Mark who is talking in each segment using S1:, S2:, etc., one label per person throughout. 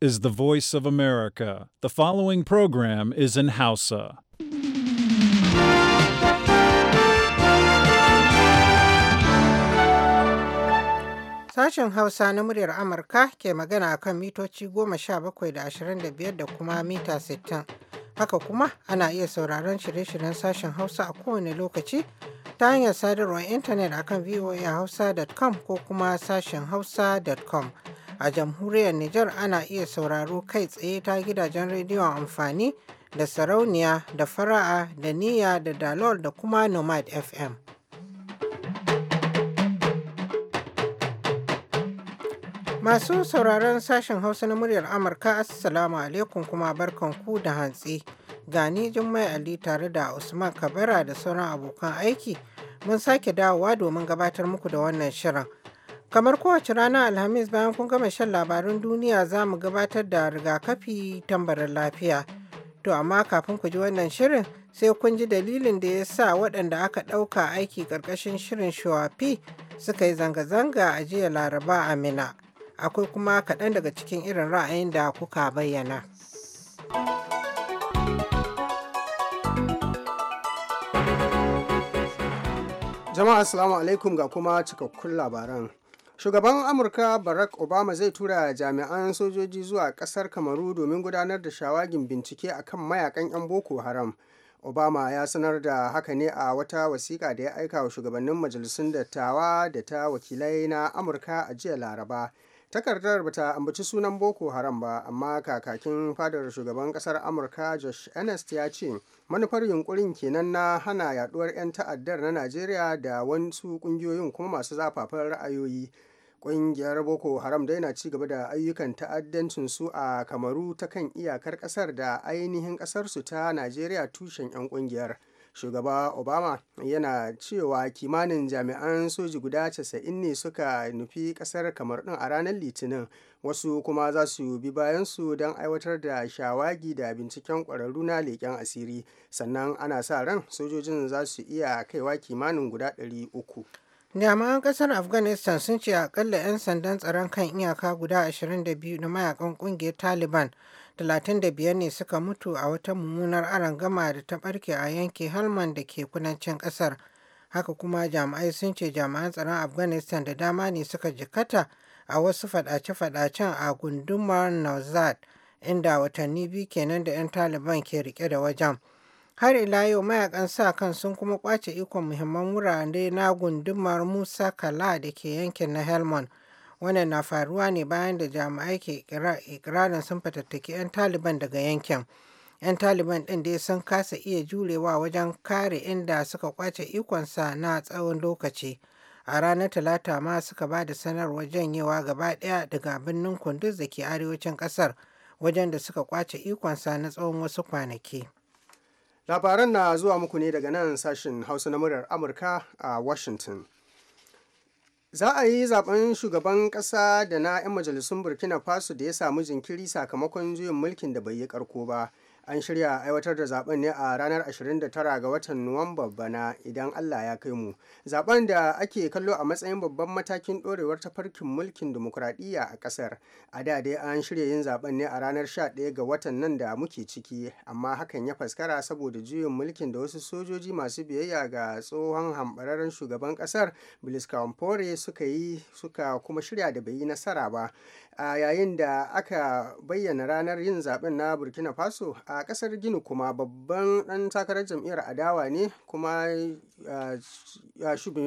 S1: is the voice of America. The following program is in Hausa.
S2: Sashen Hausa na muryar Amurka ke magana a kan mitoci bakwai da ashirin da biyar da kuma mita sittin, Haka kuma ana iya sauraron shirye-shiryen sashen Hausa a kowane lokaci ta hanyar sadarwar intanet akan voahausa.com ko kuma sashen hausa.com. A jamhuriyar Nijar ana iya sauraro kai tsaye ta gidajen rediyon amfani da sarauniya da fara'a da niyya da dalol da kuma nomad FM. Masu sauraron sashen Hausa na muryar Amurka Assalamu alaikum kuma barkanku da hantsi. Gani Jummai Ali tare da Usman Kabara da sauran abokan aiki mun sake dawowa domin gabatar muku da wannan shirin. Kamar kowace rana Alhamis bayan kun gama shan labarun duniya za mu gabatar da rigakafi tambarin lafiya. To amma kafin ku ji wannan shirin sai kun ji dalilin da ya sa waɗanda aka ɗauka aiki ƙarƙashin shirin shawafi suka yi zanga-zanga a jiya laraba a Akwai kuma kaɗan daga cikin irin ra'ayin da
S3: kuka bayyana. Jama'a Assalamu alaikum ga kuma cikakkun labaran. Shugaban Amurka Barack Obama zai tura jami'an sojoji zuwa ƙasar Kamaru domin gudanar da shawagin bincike a kan mayakan 'yan Boko Haram. Obama ya sanar da haka ne a wata wasiƙa da ya aika wa shugabannin majalisun dattawa da ta wakilai na Amurka a jiya Laraba. takardar bata ambaci sunan boko haram ba amma kakakin fadar shugaban kasar amurka josh ernest ya ce manufar yunkurin kenan na hana yaduwar 'yan ta'addar na najeriya da wasu kungiyoyin kuma masu zafafan ra'ayoyi Ƙungiyar Boko Haram dai na ci gaba da ayyukan ta'addancin su a Kamaru ta kan iyakar ƙasar da ainihin ƙasarsu ta Najeriya tushen 'yan ƙungiyar. shugaba obama yana cewa kimanin jami'an soji guda 90 ne suka nufi kasar kamar din a ranar litinin wasu kuma za su bi bayansu don aiwatar da shawagi da binciken ƙwararru na leƙen asiri sannan ana sa ran sojojin za su iya kaiwa kimanin guda 300
S2: jami'an ƙasar afghanistan sun ce akalla 'yan sandan tsaron kan iyaka guda 22 na mayakan ƙungiyar taliban 35 ne suka mutu a wata mummunar gama da ta barke a yankin Halman da ke kudancin ƙasar haka kuma jami'ai sun ce jami'an tsaron afghanistan da dama ne suka jikata a wasu fadace-fadacen a gundumar nauzad inda watanni biyu kenan da 'yan taliban ke rike da wajen Har ila yau mayakan sa-kan sun kuma kwace ikon muhimman wurare na gundumar Musa Kala da ke yankin na Helmand. Wannan na faruwa ne bayan da jami'ai ke ikirarin sun fatattaki 'yan Taliban daga yankin. 'Yan Taliban ɗin dai sun kasa iya jurewa wajen kare inda suka kwace ikonsa na tsawon lokaci. A ranar Talata ma suka ba da sanarwar janyewa gaba daya daga birnin Kunduz da ke arewacin kasar wajen da suka kwace ikonsa na tsawon wasu kwanaki.
S3: labaran na zuwa muku ne daga nan sashen hausa na muryar amurka a washington za a yi zaben shugaban kasa da na 'yan majalisun burkina faso da ya samu jinkiri sakamakon juyin mulkin da bai yi karko ba an shirya aiwatar da zaben ne a ranar 29 ga watan nuwamba bana idan allah ya kai mu zaben da ake kallo a matsayin babban matakin dorewar tafarkin mulkin dimokuraɗiyya a ƙasar a da dai an shirya yin zaben ne a ranar 11 ga watan nan da muke ciki amma hakan ya faskara saboda juyin mulkin da wasu sojoji masu biyayya ga tsohon hambararren shugaban ƙasar bilis suka yi suka kuma shirya da bai yi nasara ba a yayin da aka bayyana ranar yin zaben na burkina faso a a kasar gini kuma babban dan takarar jam'iyyar adawa ne kuma eh,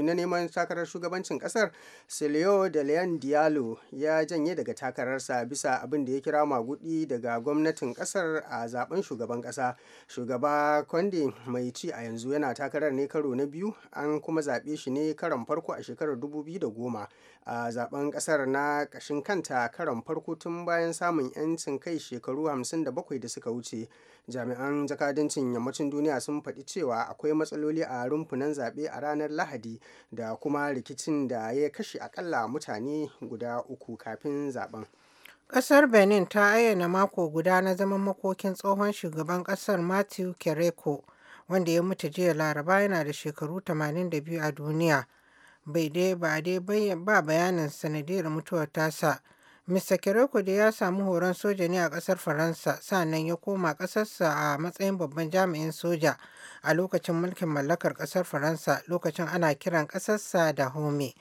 S3: na neman takarar shugabancin kasar silio de leon diallo ya janye daga takararsa bisa abin da ya kira magudi daga gwamnatin kasar a zaben shugaban kasa shugaba kwande mai ci a yanzu yana takarar ne karo na biyu an kuma zaɓe shi ne karon farko a shekarar 2010 a zaben kasar na kashin kanta karon farko tun bayan samun 'yancin kai shekaru 57 da suka wuce jami'an jakadancin yammacin duniya sun faɗi cewa akwai matsaloli a rumfunan zaɓe a ranar lahadi da kuma rikicin da ya kashe akalla mutane guda uku kafin zaben
S2: Ƙasar Benin ta ayyana mako guda na zaman makokin tsohon shugaban ƙasar Matthew Kereko, wanda ya mutu jiya Laraba yana da shekaru 82 a duniya. bai dai ba dai ba bayanin sanadiyar mutuwar tasa. Mr. kereko dai ya samu horon soja ne a ƙasar Faransa sannan ya koma ƙasarsa a matsayin babban jami'in soja a lokacin mulkin mallakar ƙasar Faransa lokacin ana kiran ƙasarsa da Home.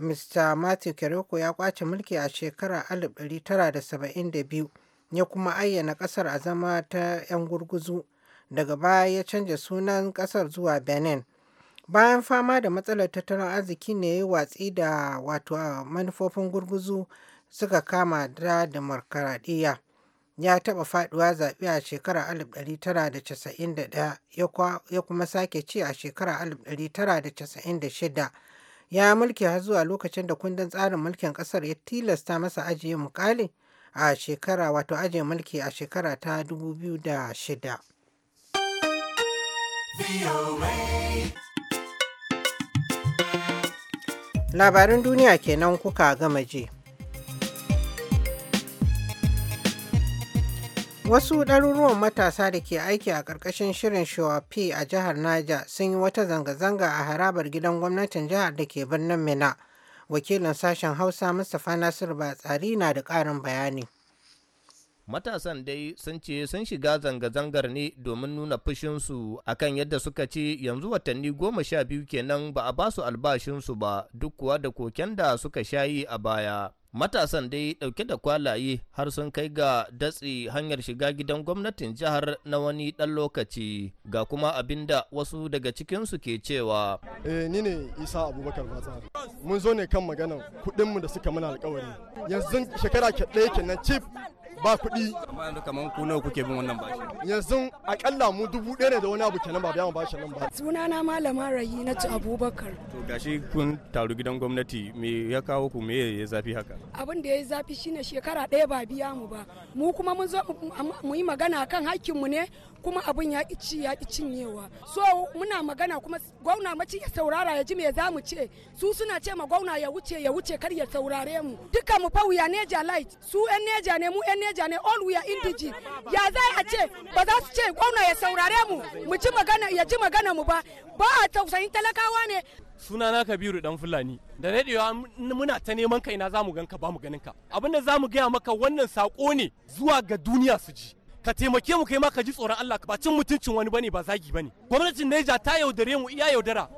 S2: Mr. Matthew kereko ya kwace mulki a shekarar 1972 ya kuma ayyana ƙasar a zama ta 'yan gurguzu. Daga baya ya canja sunan ƙasar zuwa Benin. bayan fama da matsalar tattalin arziki ne ya yi watsi da wato ah, manufofin gurguzu suka kama da demokaradiyya ya taɓa faɗuwa zaɓe a shekarar 1991 ya kuma sake ci a shekarar 1996 ya mulki har zuwa lokacin da kundin tsarin mulkin ƙasar ya tilasta masa ajiye mukali a shekara wato ajiye mulki a shekara ta 2006 Labarin duniya kenan kuka gama je. Wasu ɗaruruwan matasa da ke aiki a ƙarƙashin shirin Shawafi a jihar Naja sun yi wata zanga-zanga a harabar gidan gwamnatin jihar da ke birnin Mina. Wakilin sashen Hausa Mustapha nasiru Batsari na da ƙarin bayani.
S4: Matasan dai sun ce sun shiga zanga-zangar ne domin nuna fushinsu akan yadda suka ce yanzu watanni goma sha biyu kenan ba a basu albashinsu ba duk kuwa da koken da suka shayi a baya. Matasan dai ɗauke da kwalaye har sun kai ga datsi hanyar shiga gidan gwamnatin jihar na wani ɗan lokaci ga kuma abin da wasu daga cikinsu ke cewa.
S3: Eh, ni ne Isa Abubakar Batsa. Mun zo ne kan magana kuɗinmu da suka mana alkawari. Yanzu shekara ɗaya kenan cif ba kuɗi
S4: amma yanzu ku nawa kuke bin wannan bashi
S3: yanzu akalla mu dubu ɗaya ne da wani abu kenan ba biya mu bashin nan
S5: ba sunana malama rayi na ci abubakar
S4: to gashi kun taru gidan gwamnati me ya kawo ku me ya zafi haka
S5: abin da ya zafi shine shekara ɗaya ba biya mu ba mu kuma mun zo mu yi magana kan hakkin mu ne kuma abun ya ci ya cinyewa so muna magana kuma gwauna mace ya saurara ya ji me za mu ce su suna ce ma gwauna ya wuce ya wuce kar ya saurare mu duka mu fa ya neja light su yan neja ne mu yan neja ne all we are indiji ya za a ce ba za su ce gwauna ya saurare mu mu ji magana ya ji magana mu ba ba a tausayin talakawa ne
S6: sunana kabiru dan fulani da daɗewa muna ta neman ka ina zamu ganka ba mu ganin ka abinda zamu gaya maka wannan sako ne zuwa ga duniya su ji ka taimake mu kai ma ka ji tsoron Allah ba cin mutuncin wani bane ba zagi bane gwamnatin Niger ta yaudare mu iya yaudara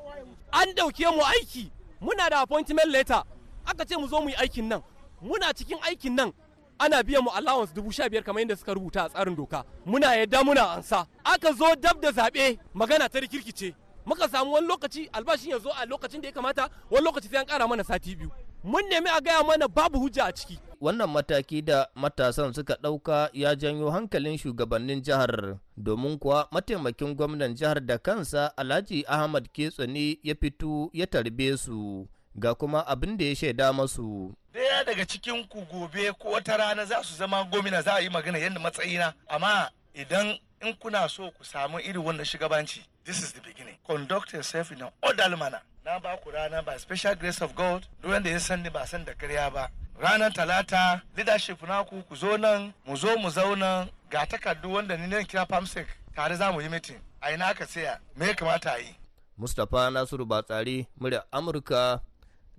S6: an dauke mu aiki muna da appointment letter aka ce mu zo mu yi aikin nan muna cikin aikin nan ana biyan mu allowance dubu sha biyar kamar yadda suka rubuta a tsarin doka muna yadda muna ansa aka zo dab da zaɓe magana ta rikirkice muka samu wani lokaci albashin ya zo a lokacin da ya kamata wani lokaci sai an ƙara mana sati
S4: biyu mun nemi a gaya mana babu hujja a ciki wannan mataki da matasan suka ɗauka ya janyo hankalin shugabannin jihar domin kuwa mataimakin gwamnan jihar da kansa alhaji ahmad ketsoni ya fito ya tarbe su ga kuma abin da ya shaida masu
S6: daya daga cikin ku gobe ko wata rana za su zama gomina za a yi magana yadda matsayina amma idan in kuna so ku samu irin wannan shugabanci this is the beginning conduct yourself in an orderly manner na ba ku rana by special grace of god duk wanda ya san ba san da karya ba ranar talata leadership naku ku zo nan mu zo mu zauna ga takardu wanda ni nan kira famsec tare za mu yi meeting a ina ka tsaya
S4: me ya kamata a yi mustapha nasiru batsari murya amurka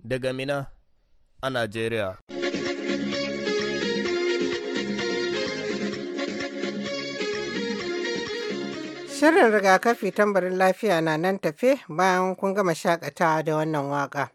S4: daga mina a najeriya
S2: Shirin rigakafi tambarin lafiya na nan tafe bayan kun gama shakatawa da wannan waka.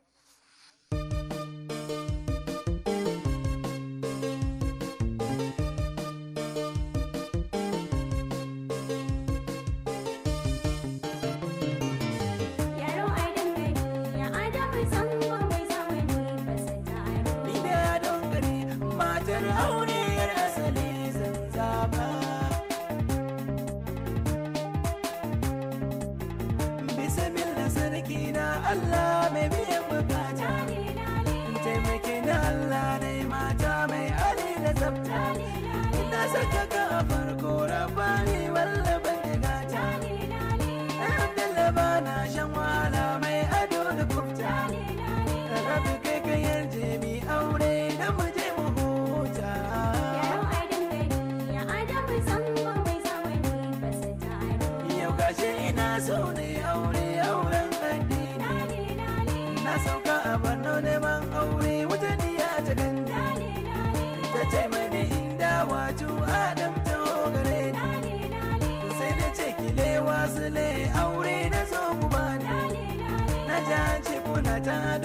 S6: Allah mai biyan bukata taimake na Allah ne mata mai ali da tsafta na saka ka a farko rabani wallaba da gata Alhamdulillah ba na shan wahala ta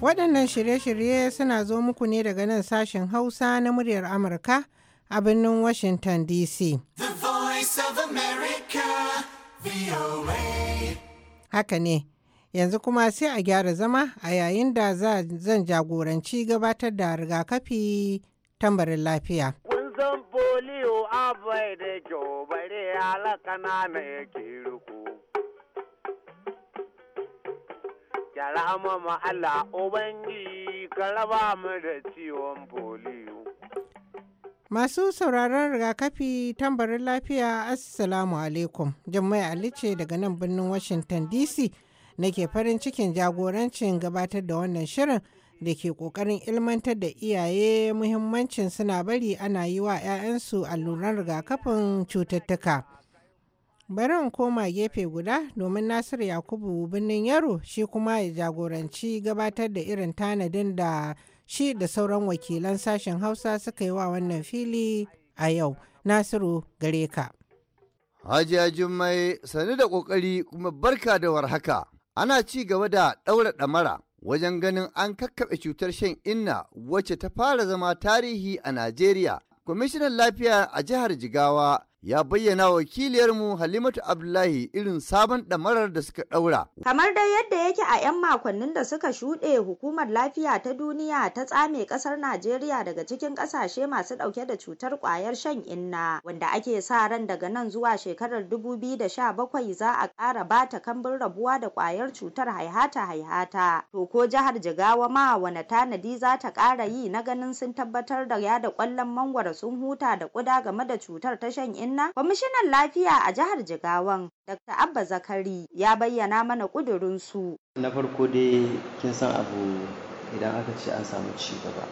S2: waɗannan shirye-shirye suna zo muku ne daga nan sashen hausa na muryar amurka a birnin washington dc haka ne yanzu kuma sai a gyara zama a yayin da zan jagoranci gabatar da rigakafi tambarin lafiya.
S7: Kun zan polio abai da kyau bare halaka na na yake ruku. Kyara mama Allah Ubangi ka raba mu da ciwon foliyo.
S2: Masu sauraron rigakafi tambarin lafiya Assalamu alaikum. Jummai Ali ce daga nan birnin Washington DC nake farin cikin jagorancin gabatar da wannan shirin. da ke ƙoƙarin ilmantar da iyaye muhimmancin suna bari ana yi wa 'ya'yansu alluran rigakafin cututtuka. Barin in koma gefe guda domin Nasiru Yakubu birnin Yaro shi kuma ya jagoranci gabatar da irin tanadin da shi da sauran wakilan sashen Hausa suka yi wa wannan fili a yau. Nasiru gare
S8: ka. Hajiya Jummai sani da ƙoƙari kuma barka da warhaka. Ana ci gaba da ɗaura ɗamara wajen ganin an kakkaɓe cutar shan inna wacce ta fara zama tarihi a Najeriya. Kwamishinan lafiya a jihar Jigawa ya bayyana wakiliyarmu Halimatu Abdullahi irin sabon ɗamarar da suka ɗaura.
S3: Kamar dai yadda yake a 'yan makonnin da suka shuɗe hukumar lafiya ta duniya ta tsame ƙasar Najeriya daga cikin ƙasashe masu ɗauke da cutar ƙwayar shan inna wanda ake sa ran daga nan zuwa shekarar 2017 za a ƙara bata ta kambin rabuwa da ƙwayar cutar haihata haihata. To ko jihar Jigawa ma wani tanadi za ta ƙara yi na ganin sun tabbatar da yada ƙwallon mangwara sun huta da ƙuda game da cutar ta shan inna nan kwamishinan lafiya a jihar Jigawan Dr. Abba Zakari ya bayyana mana ƙudurinsu.
S5: Na farko dai kin san abu idan aka ce an samu ci gaba.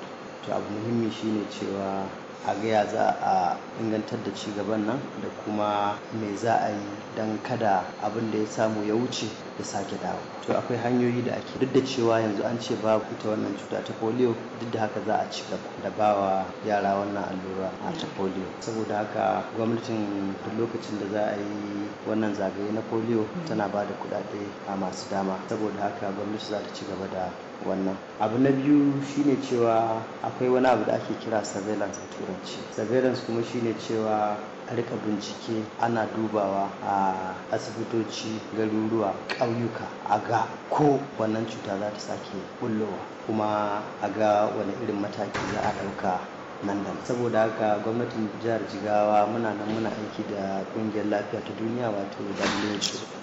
S5: To abu muhimmi shine cewa a gaya za a ingantar da ci gaban nan da kuma me za a yi don kada abin da ya samu ya wuce ya sake dawo to akwai hanyoyi da ake duk da cewa yanzu an ce ku ta wannan cuta ta polio duk da haka za a ci gaba da bawa yara wannan allura a ta polio saboda haka gwamnatin duk lokacin da za a yi wannan zagaye na polio tana ba da kuɗaɗe a masu dama saboda haka gwamnati za ta ci gaba da wannan abu na biyu shine cewa akwai wani abu da ake kira surveillance a turanci surveillance kuma shine cewa a rika bincike ana dubawa a asibitoci garuruwa ƙauyuka a ga ko wannan cuta za ta sake bullowa kuma a ga wani irin mataki za a ɗauka nan saboda haka gwamnatin jihar jigawa muna nan muna aiki da kungiyar lafiya ta duniya wato who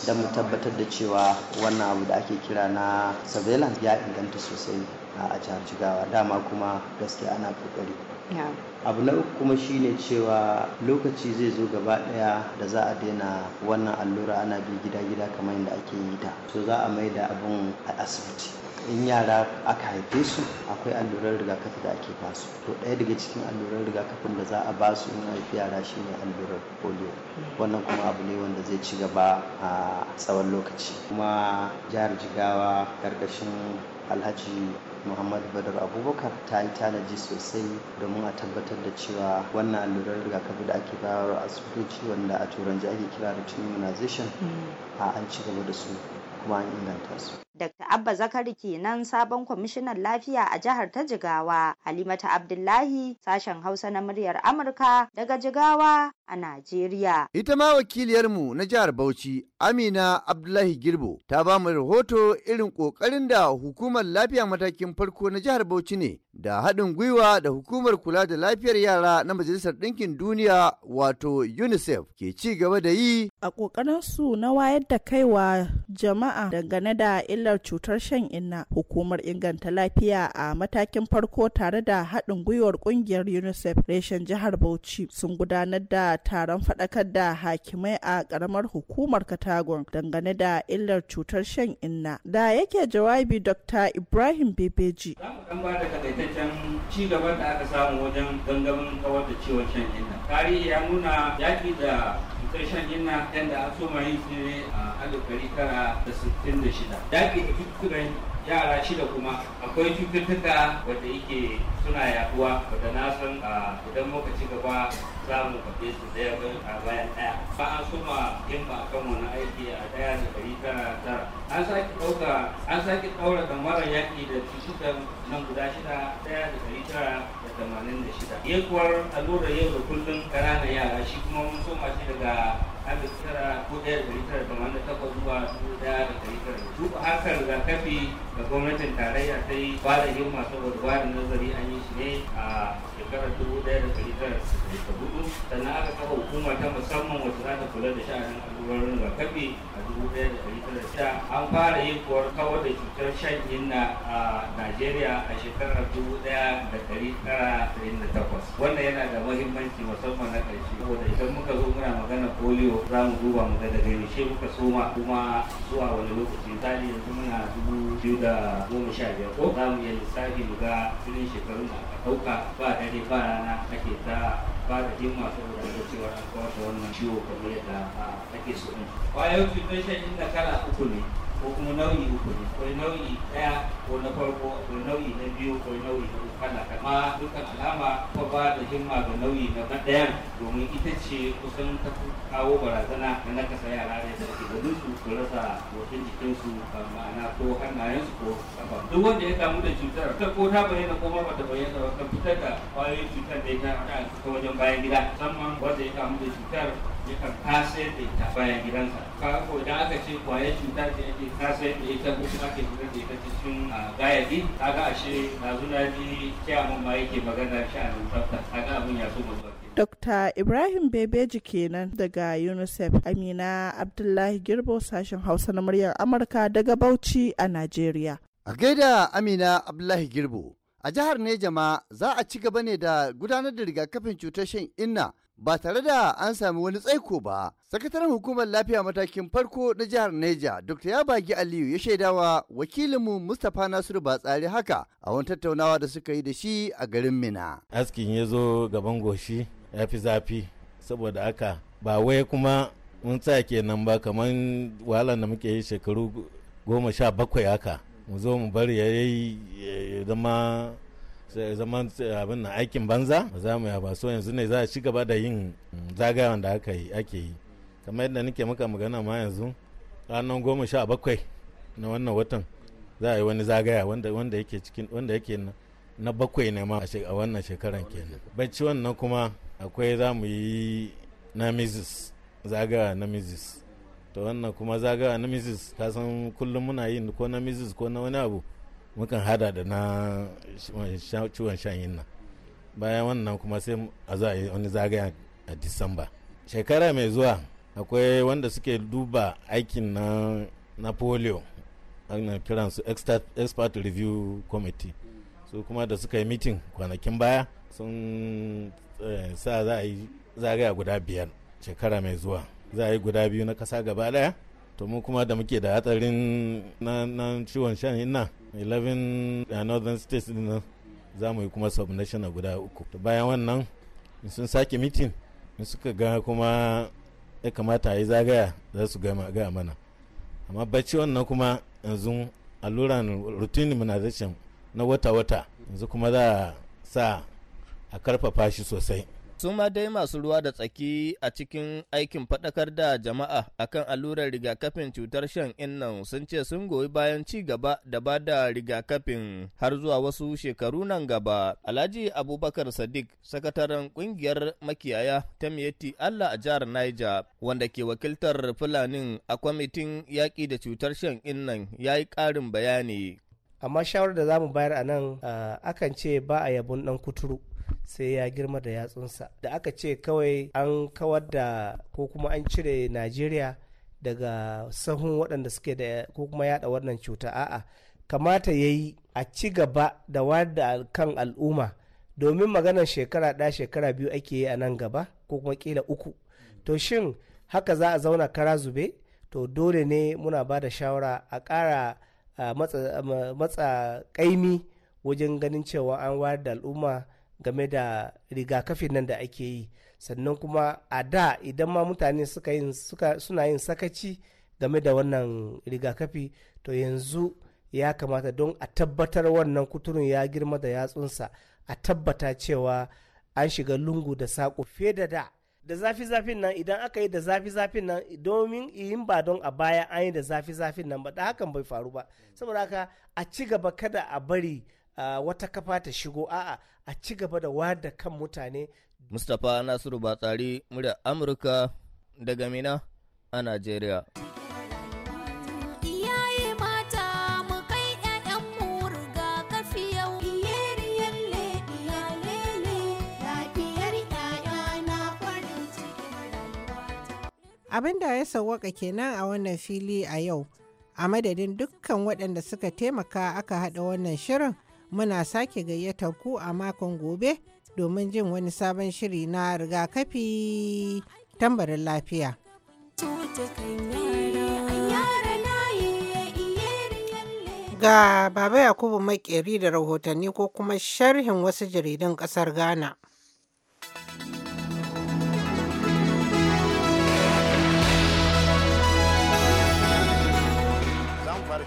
S5: don mu tabbatar da cewa wannan abu da ake kira na surveillance ya inganta sosai a jihar jigawa dama kuma gaskiya ana kokari abu na uku kuma shine cewa lokaci zai zo gaba daya da za a daina wannan allura ana bi gida-gida kamar yadda ake yi ta to za a mai da abin a asibiti in yara aka haife su akwai allurar rigakafi da ake basu to ɗaya daga cikin allurar rigakafin da za a basu in haifi yara shine allurar polio wannan kuma abu ne wanda zai ci gaba a tsawon lokaci kuma jihar jigawa karkashin alhaji muhammad badar abubakar ta yi tanaji sosai domin a tabbatar da cewa wannan allurar rigakafi da ake bayarwa asibitoci wanda a turanci ake kira da immunization hmm. a an ci gaba da su kuma an inganta su
S3: Dr. Abba Zakari kenan sabon kwamishinan lafiya a jihar ta Jigawa. Halimata Abdullahi sashen Hausa na muryar Amurka daga Jigawa a Najeriya.
S8: Ita ma wakiliyarmu na jihar Bauchi Amina Abdullahi Girbo ta ba mu rahoto irin ƙoƙarin da hukumar lafiya matakin farko na jihar Bauchi ne da haɗin gwiwa da hukumar kula da lafiyar yara na Majalisar Ɗinkin Duniya wato UNICEF ke ci gaba da yi. A ƙoƙarinsu na wayar da kaiwa jama'a dangane
S2: da illar cutar shan inna hukumar inganta lafiya a matakin farko tare da haɗin gwiwar ƙungiyar unicef reshen jihar bauchi sun gudanar da taron faɗakar da hakimai a ƙaramar hukumar katagon dangane da illar cutar shan inna da yake jawabi dr ibrahim bebeji
S9: ci da aka samu wajen gangamin kawar da ciwon shan inna tarihi ya nuna yaki da shan inna yadda a soma yi ne a alif tara da sittin da shida. Yaƙi da Hitler yara shida kuma akwai cututtuka wadda yake suna yaduwa wadda na san idan muka ci gaba za mu kafe su daya bayan daya ba an suma yin ba kan wani aiki a daya da dari tara tara an sake ɗauka an sake ɗaura mara yaƙi da cututtukan nan guda shida daya da dari tara da tamanin da shida yekuwar allurar yau da kullum ƙananan yara shi kuma mun soma shi daga alif tara ko ɗaya da ɗari tara da wanda takwas zuwa dubu ɗaya da ɗari tara duk harkar rigakafi ga gwamnatin tarayya ta yi ba da himma saboda nazari an yi shi ne a shekarar dubu daya da dari tara da hudu sannan aka kafa hukuma ta musamman wacce za ta kula da sha'anin allurorin rigakafi a dubu daya da dari tara da an fara yin kuwar kawar da cutar shan inna a najeriya a shekarar dubu daya da dari tara da takwas wannan yana da muhimmanci musamman na ƙarshe saboda idan muka zo muna magana polio za mu duba mu ga daga yaushe muka soma kuma zuwa wani lokaci misali yanzu muna dubu biyu da goma sha biyar ko za mu iya lissafi mu ga irin shekarun da aka ɗauka ba dare shi ba rana ake ta ba da jin masu rubutu cewa an kawo wannan ciwo kamar yadda ake so. Kwayoyin cutar shan inda kala uku ne. ko kuma nau'i uku ne ko nau'i ɗaya ko na farko ko nau'i na biyu ko nau'i na uku kala kama dukkan alama ko ba da himma ga nau'i na ɗayan domin ita ce kusan ta kawo barazana na sai yara da suke ganin su su rasa motsin jikinsu ma'ana ko hannayensu ko kafa duk wanda ya kamu da cutar ta ko ta bayyana ko ma ta bayyana ba kan fitar da kwayoyin cutar da ya ta wajen bayan gida musamman wanda ya kamu da cutar yakan kase da ita bayan gidansa ka ko da aka ce kwaye cuta ce ake kase da ita ko kuma ake zubar da ita cikin gayaki kaga ashe na zuna ji kiyamun ma yake magana sha'anin tsafta kaga abin ya so mazuwa
S2: Dr. Ibrahim Bebeji kenan daga UNICEF Amina Abdullahi Girbo sashen Hausa na muryar Amurka daga
S8: Bauchi a Najeriya. A gaida Amina Abdullahi Girbo, a jihar Nejama za a ci gaba ne da gudanar da rigakafin cutar shan inna ba tare da an sami wani tsaiko ba. Sakataren hukumar lafiya matakin farko na jihar Neja, Dr. Yabagi Aliyu ya shaidawa wakilinmu Mustapha Nasiru Batsari haka a wani tattaunawa da suka yi da shi a garin Mina.
S1: Askin ya zo gaban goshi ya fi zafi saboda haka ba wai kuma mun ke kenan ba kamar wahalar da muke yi shekaru goma sha bakwai haka mu zo mu bari ya zama zaman eh, abin na aikin banza za mu yaba so yanzu ne za a ci gaba da yin mm, zagayen da aka yi ake yi kamar yadda nake maka magana ma yanzu ranar goma sha bakwai na wannan watan za a yi wani zagaya wanda yake cikin wanda yake na bakwai ne ma a wannan shekaran kenan bacci wannan kuma akwai za mu yi na mizis zagaya na mizis to wannan kuma zagaya na mizis ta san kullum muna yi ko na mizis ko na wani abu mukan hada da na ciwon yin nan bayan wannan kuma sai a za a yi wani zagaya a disamba shekara mai zuwa akwai wanda suke duba aikin na na polio kiran su expert review committee su kuma da suka yi mitin kwanakin baya sun eh, sa za a yi zagaya guda biyar shekara mai zuwa za a yi guda biyu na kasa gaba daya to mu kuma da muke da hatsarin na ciwon shan inna 11 a northern states din za mu yi kuma subnational guda uku bayan wannan sun sake mitin suka ga kuma ya kamata a yi zagaya za su gaya mana amma bacci wannan kuma yanzu alluran routine immunization na wata-wata yanzu kuma za a sa a karfafa shi sosai
S4: su ma dai masu ruwa da tsaki a cikin aikin faɗakar da jama'a akan allurar rigakafin cutar shan innan sun ce sun goyi bayan ci gaba da ba da rigakafin har zuwa wasu shekaru nan gaba alhaji abubakar sadiq sakataren kungiyar makiyaya ta miyatti allah a jihar niger wanda ke wakiltar fulanin a kwamitin yaƙi da cutar shan innan ya yi ƙarin bayani
S6: amma shawarar da za mu bayar a nan akan ce ba a yabon ɗan kuturu sai ya girma da yatsunsa da aka ce kawai an kawar da ko kuma an cire najeriya daga sahun waɗanda suke da ko kuma yada wannan cuta a'a kamata ya yi a ci gaba da wada da kan al'umma domin maganar shekara ɗaya shekara biyu ake yi a nan gaba ko kuma kila uku to shin haka za a zauna kara zube to dole ne muna ba da shawara a ƙara matsa ƙaimi wajen ganin cewa an wayar da al'umma game da rigakafin nan da ake yi sannan kuma a da idan ma mutane suna yin sakaci game da wannan rigakafi to yanzu ya kamata don a tabbatar wannan kuturun ya girma da yatsunsa a tabbata cewa an shiga lungu da saƙo fiye da da da zafi-zafin nan idan aka yi da zafi-zafin nan domin yin ba don a baya an yi da zafi-zafin nan ba da hakan bai faru ba saboda haka a ci gaba kada a bari uh, wata kafa ta shigo a'a a ci gaba da wada kan mutane
S4: mustapha nasiru batsari murya amurka daga mina a najeriya
S2: abin da ya sauwaka kenan a wannan fili a yau a madadin dukkan waɗanda suka taimaka aka haɗa wannan shirin muna sake gayyatar ku a makon gobe domin jin wani sabon shiri na rigakafi tambarin lafiya. Ga Baba Yakubu Makeri da rahotanni ko kuma sharhin wasu jaridan ƙasar Ghana.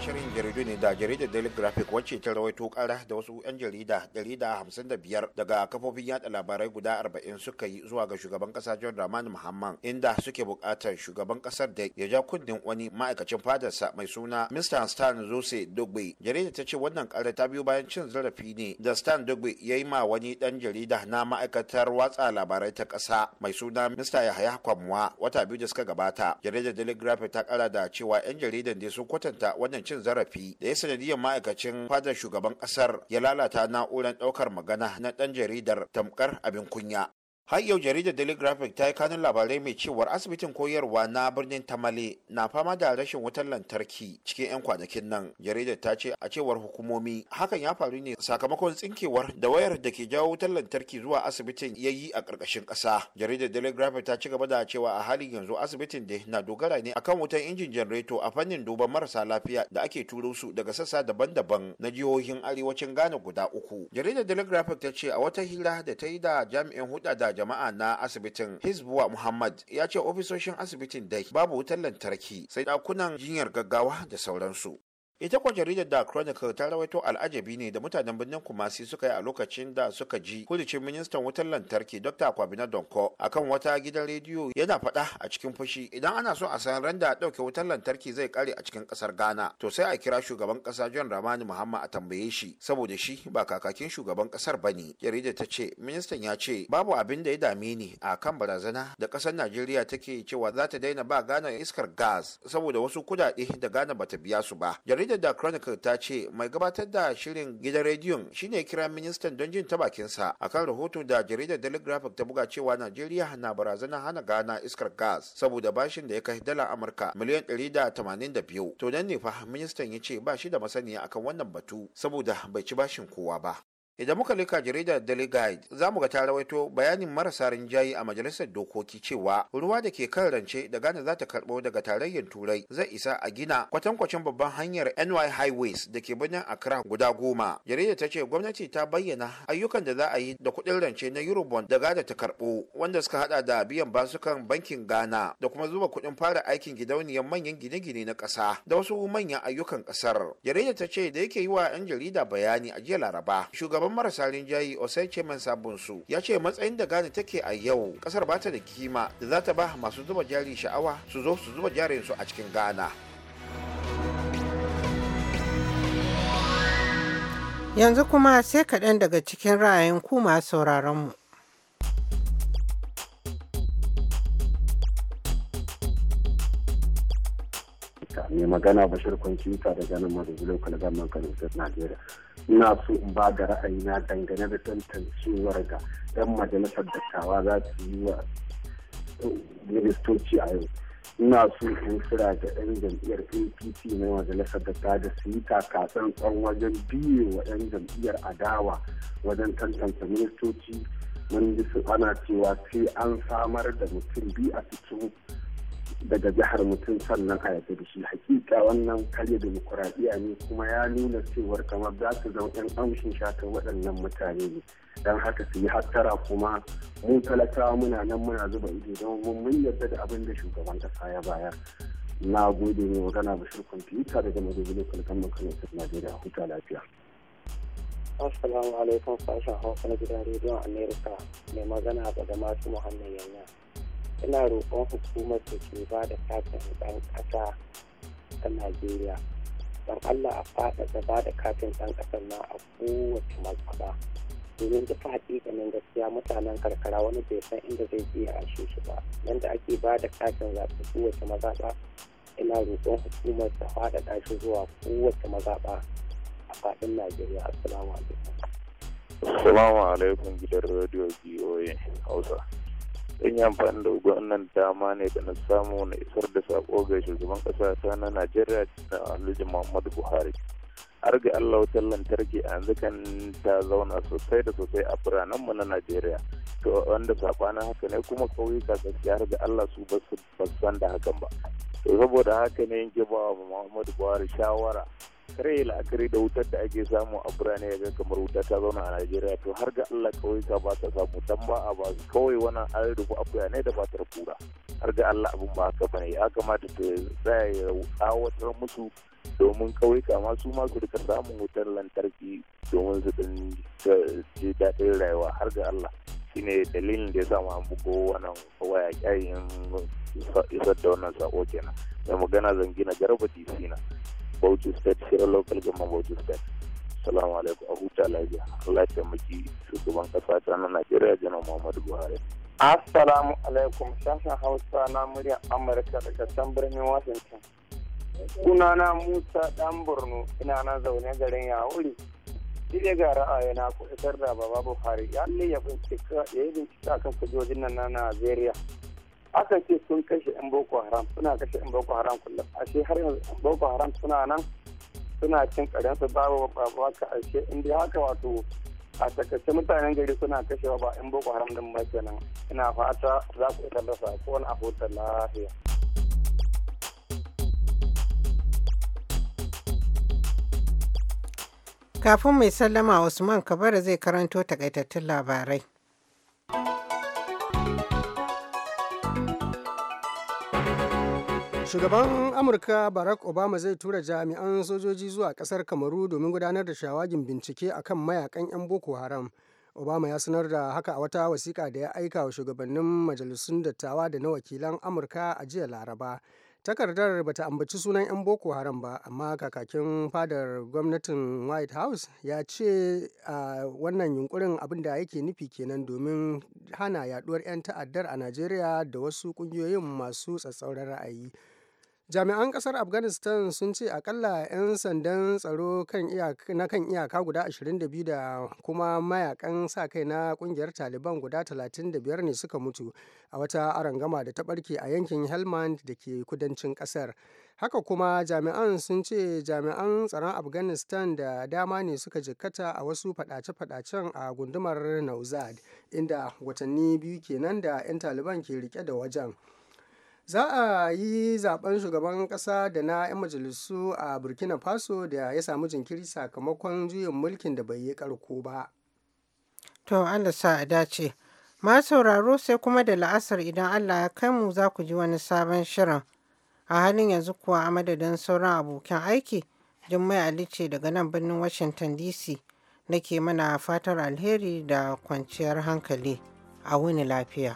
S7: shirin jaridu ne da jaridar daily graphic wacce ta rawaito kara da wasu 'yan jarida 155 daga kafofin yada labarai guda 40 suka yi zuwa ga shugaban kasa john dramani Mahamman inda suke bukatar shugaban kasar da ya ja kundin wani ma'aikacin fadarsa mai suna mr stan zose dogbe jaridar ta ce wannan kara ta biyu bayan cin zarafi ne da stan dogbe ya yi ma wani dan jarida na ma'aikatar watsa labarai ta kasa mai suna mr yahaya kwamwa wata biyu da suka gabata jaridar daily graphic ta kara da cewa 'yan jaridan ne sun kwatanta wannan cin cin zarafi da ya sanadiyar ma'aikacin fadar shugaban kasar ya lalata na'urar daukar magana na dan jaridar tamkar abin kunya har yau jaridar daily graphic ta yi kanun labarai mai cewar asibitin koyarwa na birnin tamale na fama da rashin wutar lantarki cikin 'yan kwanakin nan jaridar ta ce a cewar hukumomi hakan ya faru ne sakamakon tsinkewar da wayar da ke jawo wutar lantarki zuwa asibitin ya yi a ƙarƙashin ƙasa jaridar daily graphic ta ci gaba da cewa a halin yanzu asibitin da na dogara ne akan wutar injin janareto a fannin duban marasa lafiya da ake turo su daga sassa daban-daban na jihohin arewacin ghana guda uku jaridar daily graphic ta ce a wata hira da ta yi da jami'in huɗa da jama'a na asibitin hizbuwa muhammad ya ce ofisoshin asibitin dai babu wutar lantarki sai dakunan jinyar gaggawa da sauransu ita kuwa jaridar da chronicle ta rawaito al'ajabi ne da mutanen birnin kumasi suka yi a lokacin da suka ji kudicin ministan wutar lantarki dr kwabina donko akan wata gidan rediyo yana faɗa a cikin fushi idan ana so a san randa ɗauke wutar lantarki zai kare a cikin ƙasar ghana to sai a kira shugaban ƙasa john ramani muhammad a tambaye shi saboda shi ba kakakin shugaban ƙasar ba ne jaridar ta ce ministan ya ce babu abin da ya dame ni a kan barazana da ƙasar najeriya take cewa za ta daina ba ghana iskar gas saboda wasu kudade da ghana bata biya su ba jaridar da chronicle ta ce mai gabatar da shirin gidan rediyon shine kira ministan don jin ta bakinsa akan rahoto da jaridar daily graphic ta buga cewa najeriya na barazanar hana gana iskar gas saboda bashin da ya kai dala amurka miliyan 182 to nan ne fa ministan ya ce ba shi da masaniya akan wannan batu saboda bai ci bashin kowa ba idan muka lika jaridar daily guide za mu ga ta rawaito bayanin marasa rinjaye a majalisar dokoki cewa ruwa da ke kan rance da ghana za ta karbo daga tarayyar turai zai isa a gina kwatankwacin babban hanyar ny highways da ke birnin accra guda goma jaridar ta ce gwamnati ta bayyana ayyukan da za a yi da kuɗin rance na eurobond da ghana ta karbo wanda suka hada da biyan basukan bankin ghana da kuma zuba kuɗin fara aikin gidauniyar manyan gine-gine na ƙasa da wasu manyan ayyukan ƙasar jaridar ta ce da yake yi wa 'yan jarida bayani a jiya laraba shugaban shugaban marasa rinjaye osai sabon sabunsu ya ce matsayin da gani take a yau kasar bata da kima da za ta ba masu zuba jari sha'awa su zo su zuba su a cikin ghana
S2: yanzu kuma sai kaɗan daga cikin ra'ayin kuma sauraronmu.
S10: mu mai magana bashir kwanci ta daga nan masu lokal gaman kano najeriya ina so in ba da ra'ayina dangane da tantancewar ga yan majalisar dattawa za su yi wa ministoci a yau ina so in kira da 'yan jam'iyyar apc na majalisar dattawa da su yi takatsantsan wajen biye wa 'yan jam'iyyar adawa wajen tantance ministoci mun ji su ana cewa sai an samar da mutum biyu a cikin daga jihar mutum sannan a yadda da shi hakika wannan karya demokuraɗiyya ne kuma ya nuna cewar kamar za su zama yan amshin shata waɗannan mutane ne don haka su yi hattara kuma mun talakawa muna nan muna zuba ido don mun mun yarda da abin da shugaban ƙasa ya bayar na gode ne magana bashir kwamfuta daga madobi lokal gamban kano najeriya huta lafiya. assalamu alaikum sashen hausa na gidan rediyon amerika mai magana daga masu muhammad yanya ina roƙon hukumar da ke ba da katin ɗan ƙasa ta najeriya don allah a da ba da katin ɗan ƙasar na a kowace mazhaba domin da ta hakikanin gaskiya mutanen karkara wani bai san inda zai iya a ashe shi ba da ake ba da katin zaɓe kowace mazaɓa ina roƙon hukumar ta faɗaɗa shi zuwa kowace mazaɓa a faɗin najeriya assalamu alaikum assalamu alaikum gidan rediyo boa hausa zan yi amfani da wannan dama ne da na samu na isar da sako ga shugaban kasa ta na najeriya na alhaji muhammadu buhari har ga allah wutar lantarki a yanzu kan ta zauna sosai da sosai a biranenmu na najeriya to wanda sabanin haka ne kuma kauyuka gaskiya har ga allah su ba su san da hakan ba to saboda haka ne yanke ba muhammadu buhari shawara kare la'akari da wutar da ake samu a birane ya kamar wuta ta zauna a najeriya to har ga allah ka ba ta samu dan ba a ba kawai wannan an rubu a ne da ba fatar kura har ga allah abin ba haka bane ya kamata ta tsaya ya tsawatar musu domin kawai ka ma su ma su rika samun wutar lantarki domin su ɗin ji daɗin rayuwa har ga allah shine dalilin da ya samu an bugo wannan waya kyayin isar da wannan sako kenan mai magana zangina garba dc na Bauchi State, Sierra Local Goma Bauchi State. Salamu alaikum a huta lafiya. Allah ya taimaki shugaban kasa ta nan Najeriya Janar Muhammadu Buhari. Assalamu alaikum sashen Hausa na murya Amurka daga can birnin Washington. Kuna na Musa Dan Borno ina na zaune garin Yawuri. Ile ga ra'ayi na ku isar da Baba Buhari ya ya bincika ya yi bincika kan kujojin nan na Najeriya. aka ce sun kashe 'yan boko haram suna kashe 'yan boko haram kullum ashe har yanzu 'yan boko haram suna nan suna cin karensu babu babu haka ashe inda haka wato a takaice mutanen gari suna kashewa ba 'yan boko haram din ba kenan ina fata za ku tallafa ko wani abotar lafiya.
S2: Kafin mai sallama Usman Kabara zai karanto takaitattun
S3: labarai. Shugaban Amurka Barack Obama zai tura jami'an sojoji zuwa kasar Kamaru domin gudanar da shawagin bincike a kan mayakan 'yan Boko Haram. Obama ya sanar da haka a wata wasiƙa da ya aika wa shugabannin majalisun dattawa da na wakilan Amurka a jiya Laraba. takardar bata ambaci sunan 'yan boko haram ba amma kakakin fadar gwamnatin white house ya ce a wannan yunkurin abin da yake nufi kenan domin hana yaduwar 'yan ta'addar a najeriya da wasu ƙungiyoyin masu tsatsauran ra'ayi Jami'an kasar Afghanistan sun ce akalla 'yan sandan tsaro na kan iyaka guda 22 da kuma mayakan sa-kai na ƙungiyar Taliban guda 35 ne suka mutu a wata arangama da ta ɓarke a yankin Helmand da ke kudancin kasar Haka kuma jami'an sun ce jami'an tsaron Afghanistan da dama ne suka jikkata a wasu fadace-fadacen a gundumar Nauzad, inda watanni biyu kenan da 'yan Taliban ke rike da wajen. za a yi zaben shugaban kasa da na 'yan majalisu a burkina faso da ya samu jinkiri sakamakon juyin mulkin da bai yi karko ba to
S2: allah sa a dace ma sauraro sai kuma da la'asar idan allah ya kai mu za ku ji wani sabon shirin a halin yanzu kuwa a madadin sauran abokan aiki jummai ali ce daga nan birnin washington dc nake mana fatar alheri da kwanciyar hankali a wuni lafiya.